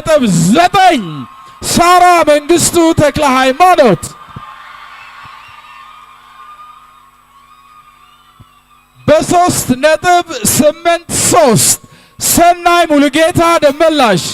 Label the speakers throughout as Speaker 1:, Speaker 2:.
Speaker 1: ነጥብ ዘጠኝ ሳራ መንግስቱ ተክለ ሃይማኖት በሶስት ነጥብ ስምንት ሶስት ሰናይ ሙሉጌታ ደመላሽ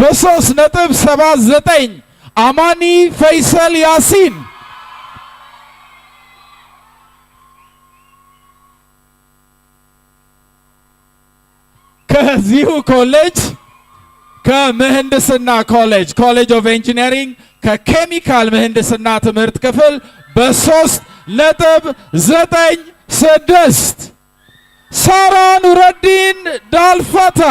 Speaker 1: በሶስት ነጥብ ሰባት ዘጠኝ አማኒ ፈይሰል ያሲን ከዚሁ ኮሌጅ ከምህንድስና ኮሌጅ ኮሌጅ ኦፍ ኢንጂነሪንግ ከኬሚካል ምህንድስና ትምህርት ክፍል በሶስት ነጥብ ዘጠኝ ስድስት ሳራ ኑረዲን ዳልፈታ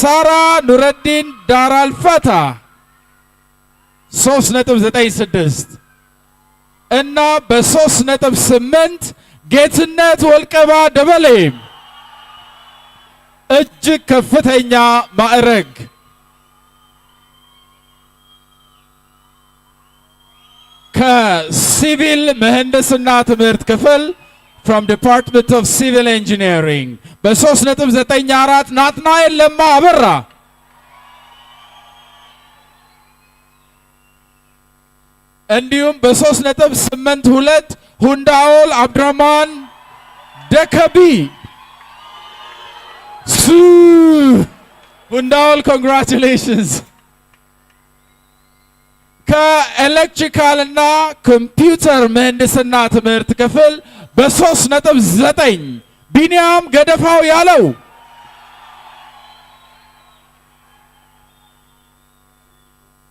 Speaker 1: ሳራ ኑረዲን ዳራልፈታ 3.96 እና በ3.8 ጌትነት ወልቀባ ደበሌም እጅግ ከፍተኛ ማዕረግ ከሲቪል ምህንድስና ትምህርት ክፍል ፍሮም ዲፓርትመንት ኦፍ ሲቪል ኢንጂነሪንግ በ3.94 ናትናኤል ለማ አበራ እንዲሁም በ3.82 ሁንዳኦል አብድራማን ደከቢ ቡንዳውል ኮንግራቹሌሽንስ። ከኤሌክትሪካል እና ኮምፒውተር ምህንድስና ትምህርት ክፍል በሶስት ነጥብ ዘጠኝ ቢኒያም ገደፋው ያለው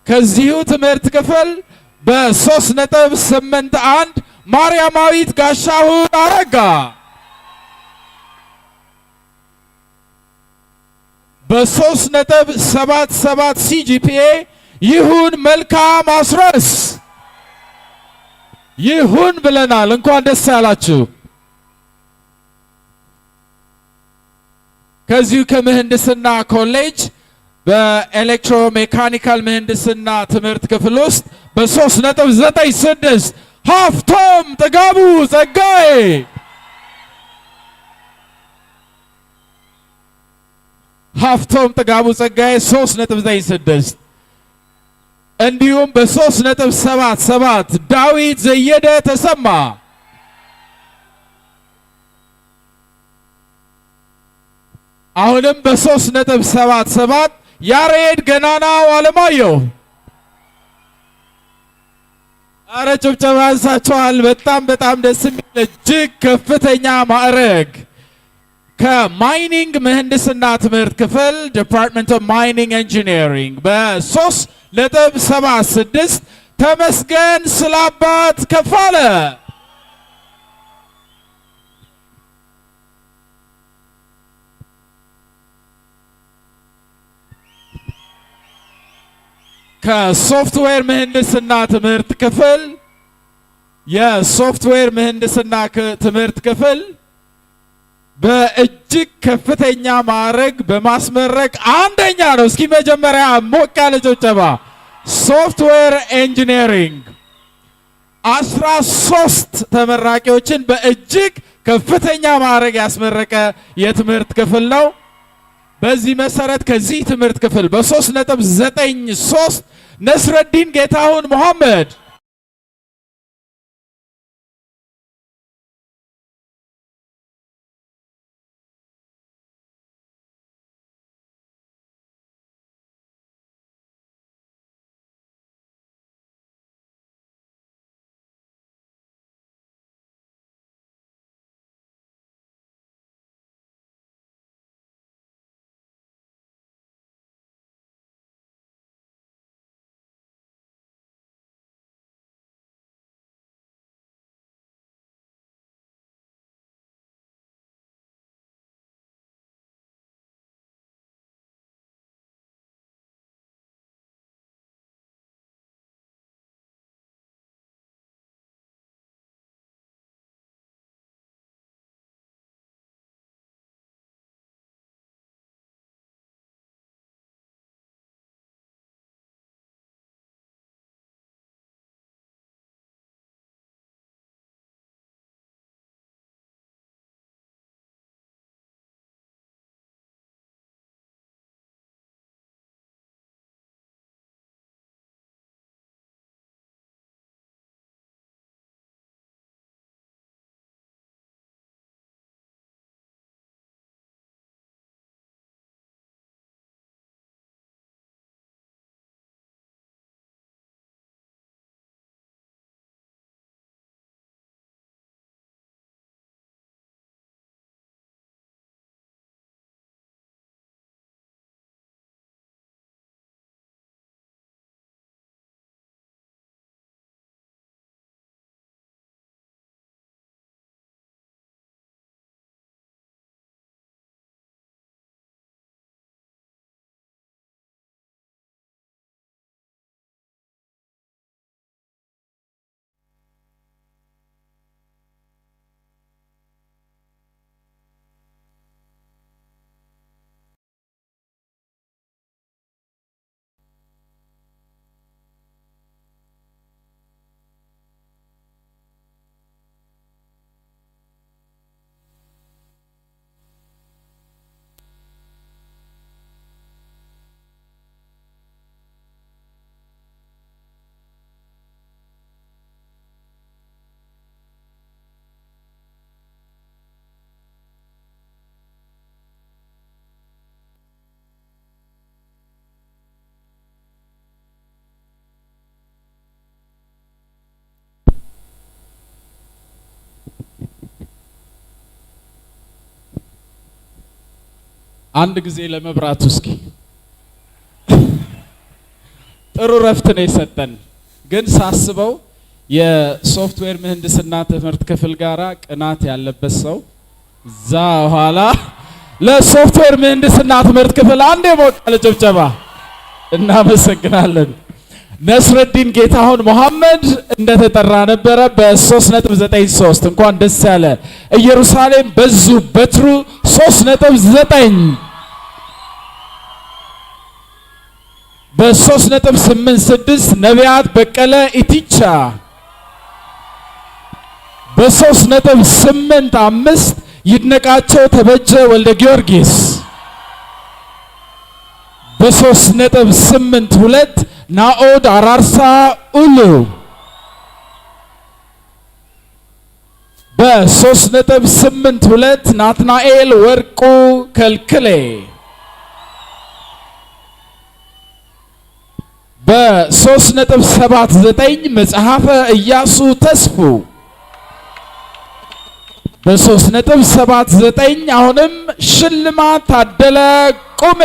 Speaker 1: ከዚሁ ትምህርት ክፍል በሶስት ነጥብ ስምንት አንድ ማርያማዊት ጋሻሁን አረጋ በሶስት ነጥብ ሰባት ሰባት ሲጂፒኤ ይሁን መልካም አስረስ ይሁን ብለናል። እንኳን ደስ ያላችሁ። ከዚሁ ከምህንድስና ኮሌጅ በኤሌክትሮሜካኒካል ምህንድስና ትምህርት ክፍል ውስጥ በ ነጥብ ዘጠኝ ስድስት ሀፍቶም ጥጋቡ ጸጋዬ ሀፍቶም ጥጋቡ ጸጋዬ 3.96 እንዲሁም በ3.77 ዳዊት ዘየደ ተሰማ አሁንም በ3.77 ያሬድ ገናና አለማየሁ አረ ጭብጨባ አንሳችኋል። በጣም በጣም ደስ የሚል እጅግ ከፍተኛ ማዕረግ ከማይኒንግ ምህንድስና ትምህርት ክፍል ዲፓርትመንት ኦፍ ማይኒንግ ኢንጂነሪንግ 3 ነጥብ ሰባ ተመስገን ስላባት ከፋለ ከሶፍትዌር ምህንድስና ትምህርት ክፍል የሶፍትዌር ምህንድስና ትምህርት ክፍል በእጅግ ከፍተኛ ማዕረግ በማስመረቅ አንደኛ ነው። እስኪ መጀመሪያ ሞቅ ያለ ጭብጨባ። ሶፍትዌር ኢንጂነሪንግ አስራ ሶስት ተመራቂዎችን በእጅግ ከፍተኛ ማዕረግ ያስመረቀ የትምህርት ክፍል ነው። በዚህ መሰረት ከዚህ ትምህርት ክፍል በ3.93 ነስረዲን ጌታሁን መሐመድ አንድ ጊዜ ለመብራቱ እስኪ ጥሩ ረፍት ነው የሰጠን። ግን ሳስበው የሶፍትዌር ምህንድስና ትምህርት ክፍል ጋራ ቅናት ያለበት ሰው እዛ ኋላ ለሶፍትዌር ምህንድስና ትምህርት ክፍል አንድ የሞቃለ ጭብጨባ። እናመሰግናለን። ነስረዲን ጌታሁን መሐመድ እንደተጠራ ነበረ። በ3.93 እንኳን ደስ ያለ ኢየሩሳሌም በዙ በትሩ 3.9 በ3.86 ነቢያት በቀለ ኢቲቻ በ3.85 ይድነቃቸው ተበጀ ወልደ ጊዮርጊስ በ 2። ናኦድ አራርሳ ኡሉ በሶስት ነጥብ ስምንት ሁለት ናትናኤል ወርቁ ከልክሌ በሶስት ነጥብ ሰባት ዘጠኝ መጽሐፈ ኢያሱ ተስፉ በሶስት ነጥብ ሰባት ዘጠኝ አሁንም ሽልማት ታደለ ቁሜ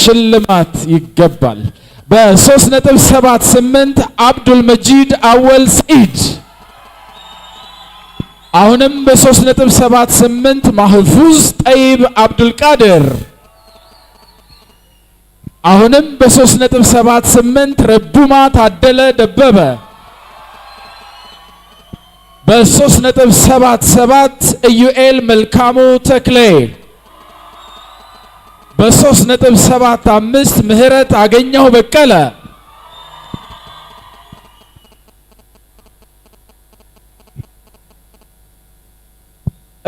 Speaker 1: ሽልማት ይገባል። በ3.78 አብዱል መጂድ አወል ሰኢድ አሁንም በ3.78 ማህፉዝ ጠይብ አብዱል ቃድር አሁንም በ3.78 ረቡማ ታደለ ደበበ በ3.77 ኢዩኤል መልካሙ ተክሌ በሶስት ነጥብ ሰባት አምስት ምህረት አገኘው በቀለ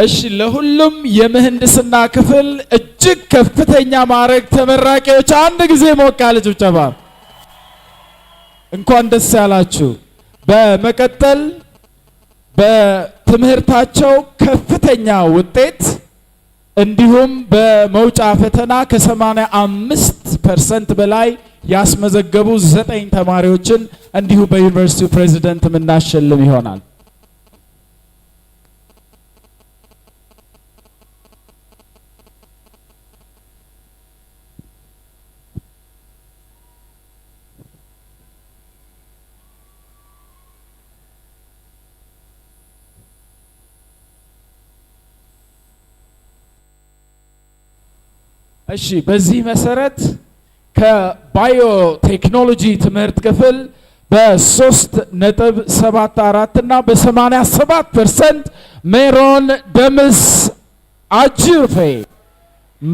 Speaker 1: እሺ ለሁሉም የምህንድስና ክፍል እጅግ ከፍተኛ ማዕረግ ተመራቂዎች አንድ ጊዜ ሞቅ ያለ ጭብጨባ። እንኳን ደስ ያላችሁ። በመቀጠል በትምህርታቸው ከፍተኛ ውጤት እንዲሁም በመውጫ ፈተና ከ85 ፐርሰንት በላይ ያስመዘገቡ ዘጠኝ ተማሪዎችን እንዲሁም በዩኒቨርሲቲው ፕሬዚደንት የምናሸልም ይሆናል። እሺ፣ በዚህ መሰረት ከባዮቴክኖሎጂ ትምህርት ክፍል በ3 74 እና በ87 ፐርሰንት ሜሮን ደምስ አጅርፌ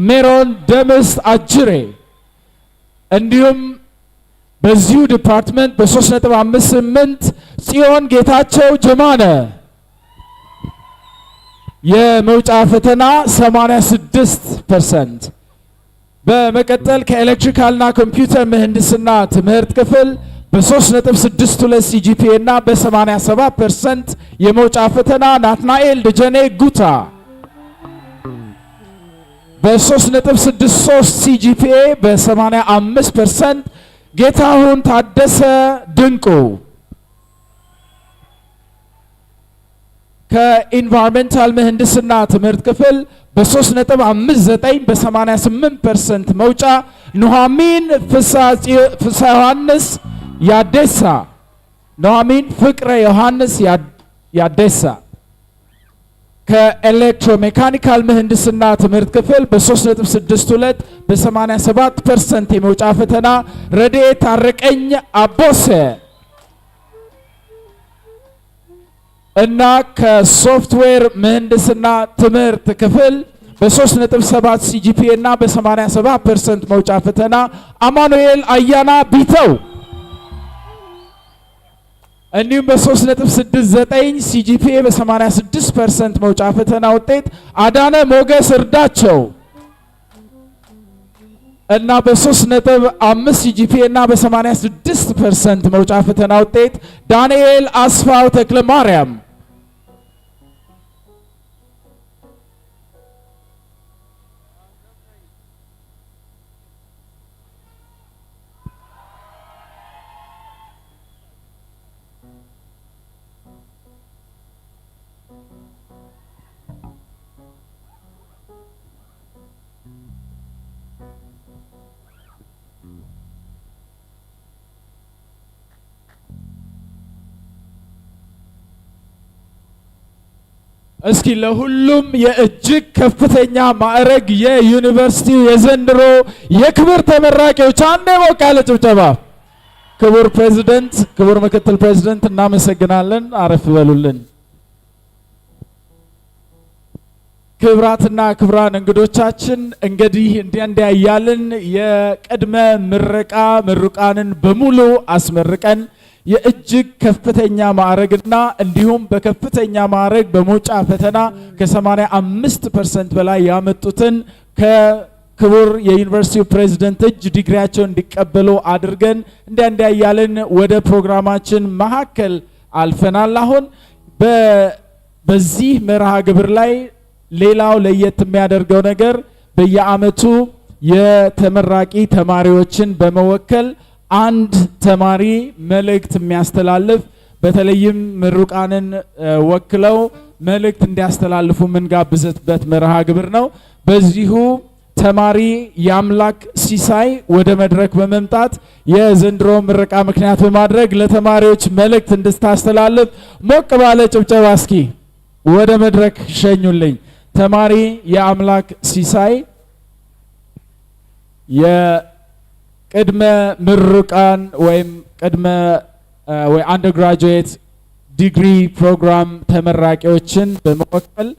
Speaker 1: ሜሮን ደምስ አጅሬ እንዲሁም በዚሁ ዲፓርትመንት በ 358 ነጥብ ጽዮን ጌታቸው ጀማነ የመውጫ ፈተና 86 ፐርሰንት። በመቀጠል ከኤሌክትሪካልና ኮምፒውተር ምህንድስና ትምህርት ክፍል በ3.62 ሲጂፒኤ እና በ87 ፐርሰንት የመውጫ ፈተና ናትናኤል ደጀኔ ጉታ፣ በ3.63 ሲጂፒኤ በ85 ፐርሰንት ጌታሁን ታደሰ ድንቁ፣ ከኢንቫይሮንመንታል ምህንድስና ትምህርት ክፍል በ3.59 በ88% መውጫ ኑኃሚን ፍስሐ ዮሐንስ ያዴሳ ኑኃሚን ፍቅረ ዮሐንስ ያዴሳ ከኤሌክትሮሜካኒካል ምህንድስና ትምህርት ክፍል በ3.62 በ87% የመውጫ ፈተና ረድኤት ታረቀኝ አቦሴ እና ከሶፍትዌር ምህንድስና ትምህርት ክፍል በ3.7 ሲጂፒኤ እና በ87 ፐርሰንት መውጫ ፈተና አማኑኤል አያና ቢተው እንዲሁም በ3.69 ሲጂፒኤ በ86 ፐርሰንት መውጫ ፈተና ውጤት አዳነ ሞገስ እርዳቸው እና በ3.5 ሲጂፒኤ እና በ86 ፐርሰንት መውጫ ፈተና ውጤት ዳንኤል አስፋው ተክለ ማርያም እስኪ ለሁሉም የእጅግ ከፍተኛ ማዕረግ የዩኒቨርሲቲ የዘንድሮ የክብር ተመራቂዎች አንዴ ሞቅ ያለ ጭብጨባ። ክቡር ፕሬዚደንት፣ ክቡር ምክትል ፕሬዝደንት እናመሰግናለን። አረፍ በሉልን። ክብራትና ክብራን እንግዶቻችን እንግዲህ እንዲያ እያልን የቅድመ ምረቃ ምሩቃንን በሙሉ አስመርቀን የእጅግ ከፍተኛ ማዕረግና እንዲሁም በከፍተኛ ማዕረግ በመውጫ ፈተና ከ85 ፐርሰንት በላይ ያመጡትን ከክቡር የዩኒቨርሲቲው ፕሬዚደንት እጅ ዲግሪያቸውን እንዲቀበሉ አድርገን እንዲያ እንዲያ እያልን ወደ ፕሮግራማችን መካከል አልፈናል። አሁን በዚህ መርሃ ግብር ላይ ሌላው ለየት የሚያደርገው ነገር በየአመቱ የተመራቂ ተማሪዎችን በመወከል አንድ ተማሪ መልእክት የሚያስተላልፍ በተለይም ምሩቃንን ወክለው መልእክት እንዲያስተላልፉ የምንጋብዝበት መርሃ ግብር ነው። በዚሁ ተማሪ የአምላክ ሲሳይ ወደ መድረክ በመምጣት የዘንድሮ ምረቃ ምክንያት በማድረግ ለተማሪዎች መልእክት እንድታስተላልፍ ሞቅ ባለ ጭብጨባ እስኪ ወደ መድረክ ሸኙልኝ። ተማሪ የአምላክ ሲሳይ ቅድመ ምሩቃን ወይም ቅድመ ወይ አንደርግራጁዌት ዲግሪ ፕሮግራም ተመራቂዎችን በመወከል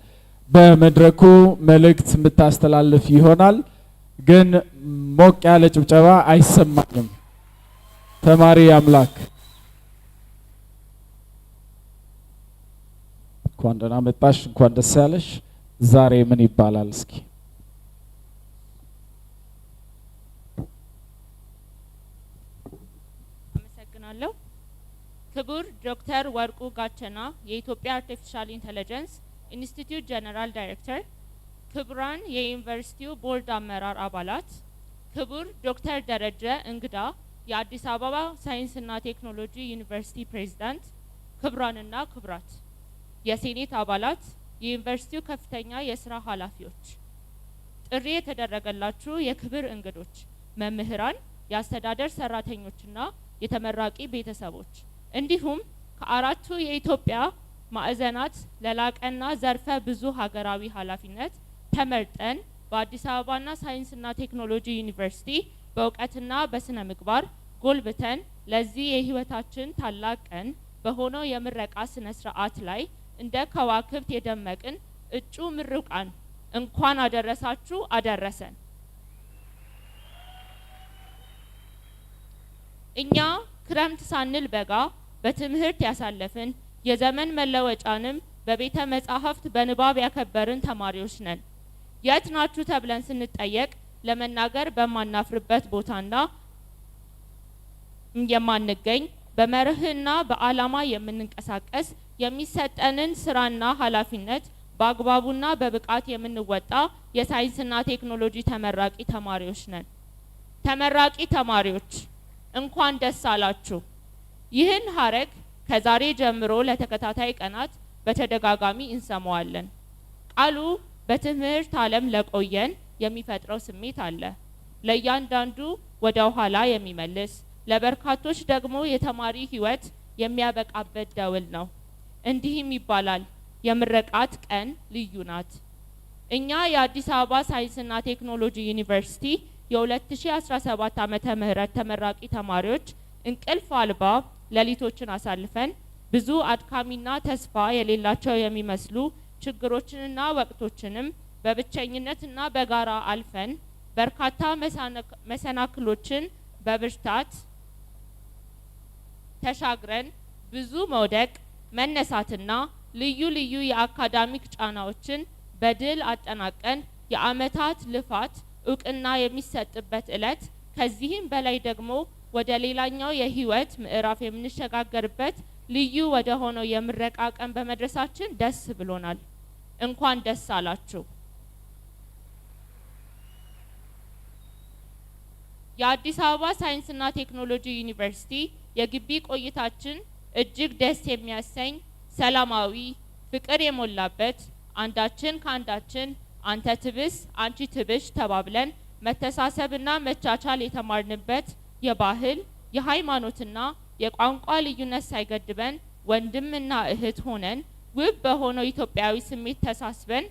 Speaker 1: በመድረኩ መልእክት የምታስተላልፍ ይሆናል። ግን ሞቅ ያለ ጭብጨባ አይሰማኝም። ተማሪ አምላክ እንኳን ደህና መጣሽ፣ እንኳን ደስ ያለሽ። ዛሬ ምን ይባላል እስኪ
Speaker 2: ክቡር ዶክተር ወርቁ ጋቸና የኢትዮጵያ አርቲፊሻል ኢንተለጀንስ ኢንስቲትዩት ጀነራል ዳይሬክተር፣ ክቡራን የዩኒቨርሲቲው ቦርድ አመራር አባላት፣ ክቡር ዶክተር ደረጀ እንግዳ የአዲስ አበባ ሳይንስና ቴክኖሎጂ ዩኒቨርሲቲ ፕሬዝዳንት፣ ክቡራንና ክቡራት የሴኔት አባላት፣ የዩኒቨርሲቲው ከፍተኛ የስራ ኃላፊዎች፣ ጥሪ የተደረገላችሁ የክብር እንግዶች፣ መምህራን፣ የአስተዳደር ሰራተኞችና የተመራቂ ቤተሰቦች እንዲሁም ከአራቱ የኢትዮጵያ ማዕዘናት ለላቀና ዘርፈ ብዙ ሀገራዊ ሀላፊነት ተመርጠን በአዲስ አበባና ሳይንስና ቴክኖሎጂ ዩኒቨርሲቲ በእውቀትና በስነ ምግባር ጎልብተን ለዚህ የህይወታችን ታላቅ ቀን በሆነው የምረቃ ስነ ስርዓት ላይ እንደ ከዋክብት የደመቅን እጩ ምሩቃን እንኳን አደረሳችሁ አደረሰን። እኛ ክረምት ሳንል በጋ በትምህርት ያሳለፍን የዘመን መለወጫንም በቤተ መጻሕፍት በንባብ ያከበርን ተማሪዎች ነን። የት ናችሁ ተብለን ስንጠየቅ ለመናገር በማናፍርበት ቦታና የማንገኝ በመርህና በዓላማ የምንንቀሳቀስ የሚሰጠንን ስራና ኃላፊነት በአግባቡና በብቃት የምንወጣ የሳይንስና ቴክኖሎጂ ተመራቂ ተማሪዎች ነን። ተመራቂ ተማሪዎች እንኳን ደስ አላችሁ። ይህን ሀረግ ከዛሬ ጀምሮ ለተከታታይ ቀናት በተደጋጋሚ እንሰማዋለን። ቃሉ በትምህርት ዓለም ለቆየን የሚፈጥረው ስሜት አለ። ለእያንዳንዱ ወደ ኋላ የሚመልስ ለበርካቶች ደግሞ የተማሪ ሕይወት የሚያበቃበት ደውል ነው። እንዲህም ይባላል የምረቃት ቀን ልዩ ናት። እኛ የአዲስ አበባ ሳይንስና ቴክኖሎጂ ዩኒቨርሲቲ የ2017 ዓ ም ተመራቂ ተማሪዎች እንቅልፍ አልባ ሌሊቶችን አሳልፈን ብዙ አድካሚና ተስፋ የሌላቸው የሚመስሉ ችግሮችንና ወቅቶችንም በብቸኝነትና በጋራ አልፈን በርካታ መሰናክሎችን በብርታት ተሻግረን ብዙ መውደቅ መነሳትና ልዩ ልዩ የአካዳሚክ ጫናዎችን በድል አጠናቀን የአመታት ልፋት እውቅና የሚሰጥበት እለት ከዚህም በላይ ደግሞ ወደ ሌላኛው የህይወት ምዕራፍ የምንሸጋገርበት ልዩ ወደ ሆነው የምረቃ ቀን በመድረሳችን ደስ ብሎናል። እንኳን ደስ አላችሁ። የአዲስ አበባ ሳይንስና ቴክኖሎጂ ዩኒቨርሲቲ የግቢ ቆይታችን እጅግ ደስ የሚያሰኝ ሰላማዊ፣ ፍቅር የሞላበት አንዳችን ከአንዳችን አንተ ትብስ አንቺ ትብሽ ተባብለን መተሳሰብና መቻቻል የተማርንበት የባህል የሃይማኖትና የቋንቋ ልዩነት ሳይገድበን ወንድምና እህት ሆነን ውብ በሆነው ኢትዮጵያዊ ስሜት ተሳስበን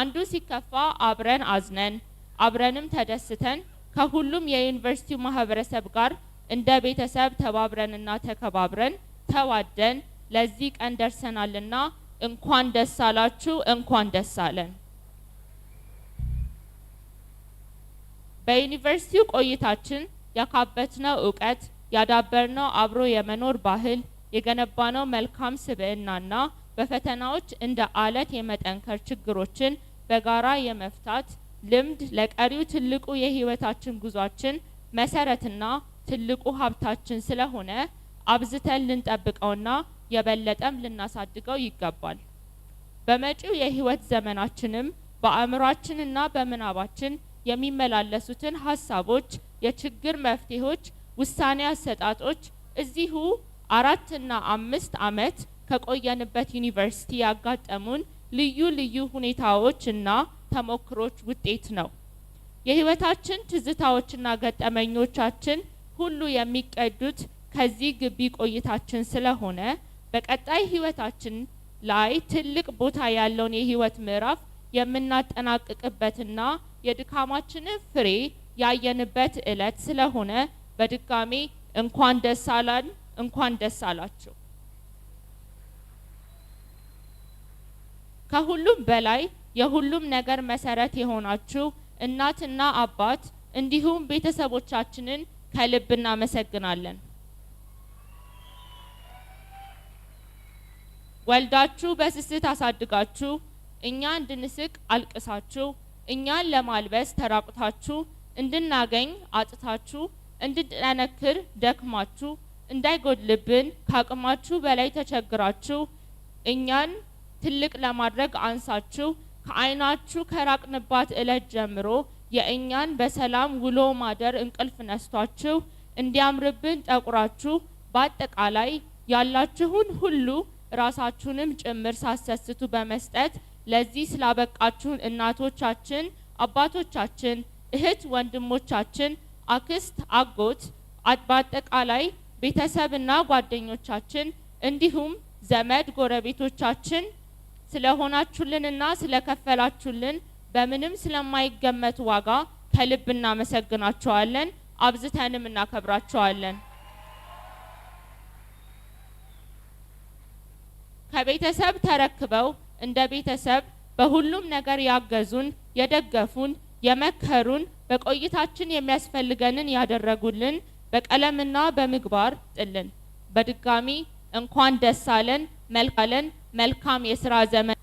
Speaker 2: አንዱ ሲከፋ አብረን አዝነን አብረንም ተደስተን ከሁሉም የዩኒቨርሲቲው ማህበረሰብ ጋር እንደ ቤተሰብ ተባብረንና ተከባብረን ተዋደን ለዚህ ቀን ደርሰናልና እንኳን ደስ አላችሁ፣ እንኳን ደስ አለን። በዩኒቨርሲቲው ቆይታችን ያካበትነው እውቀት ያዳበርነው አብሮ የመኖር ባህል የገነባነው መልካም ስብዕናና በፈተናዎች እንደ አለት የመጠንከር ችግሮችን በጋራ የመፍታት ልምድ ለቀሪው ትልቁ የህይወታችን ጉዟችን መሰረትና ትልቁ ሀብታችን ስለሆነ አብዝተን ልንጠብቀውና የበለጠም ልናሳድገው ይገባል። በመጪው የህይወት ዘመናችንም በአእምሯችንና በምናባችን የሚመላለሱትን ሀሳቦች የችግር መፍትሄዎች ውሳኔ አሰጣጦች እዚሁ አራትና አምስት አመት ከቆየንበት ዩኒቨርሲቲ ያጋጠሙን ልዩ ልዩ ሁኔታዎች እና ተሞክሮች ውጤት ነው። የህይወታችን ትዝታዎችና ገጠመኞቻችን ሁሉ የሚቀዱት ከዚህ ግቢ ቆይታችን ስለሆነ በቀጣይ ህይወታችን ላይ ትልቅ ቦታ ያለውን የህይወት ምዕራፍ የምናጠናቅቅበትና የድካማችንን ፍሬ ያየንበት ዕለት ስለሆነ በድጋሜ እንኳን ደስ አላን፣ እንኳን ደስ አላችሁ። ከሁሉም በላይ የሁሉም ነገር መሰረት የሆናችሁ እናትና አባት እንዲሁም ቤተሰቦቻችንን ከልብ እናመሰግናለን። ወልዳችሁ በስስት አሳድጋችሁ እኛ እንድንስቅ አልቅሳችሁ እኛን ለማልበስ ተራቁታችሁ እንድናገኝ አጥታችሁ እንድንጠነክር ደክማችሁ እንዳይጎድልብን ከአቅማችሁ በላይ ተቸግራችሁ እኛን ትልቅ ለማድረግ አንሳችሁ ከዓይናችሁ ከራቅንባት እለት ጀምሮ የእኛን በሰላም ውሎ ማደር እንቅልፍ ነስቷችሁ እንዲያምርብን ጠቁራችሁ በአጠቃላይ ያላችሁን ሁሉ ራሳችሁንም ጭምር ሳሰስቱ በመስጠት ለዚህ ስላበቃችሁን እናቶቻችን፣ አባቶቻችን እህት ወንድሞቻችን፣ አክስት፣ አጎት በአጠቃላይ ቤተሰብና ጓደኞቻችን እንዲሁም ዘመድ ጎረቤቶቻችን ስለሆናችሁልንና ስለከፈላችሁልን በምንም ስለማይገመት ዋጋ ከልብ እናመሰግናችኋለን። አብዝተንም እናከብራችኋለን። ከቤተሰብ ተረክበው እንደ ቤተሰብ በሁሉም ነገር ያገዙን፣ የደገፉን የመከሩን በቆይታችን የሚያስፈልገንን ያደረጉልን በቀለምና በምግባር ጥልን በድጋሚ እንኳን ደስ አለን መልካለን መልካም የስራ ዘመን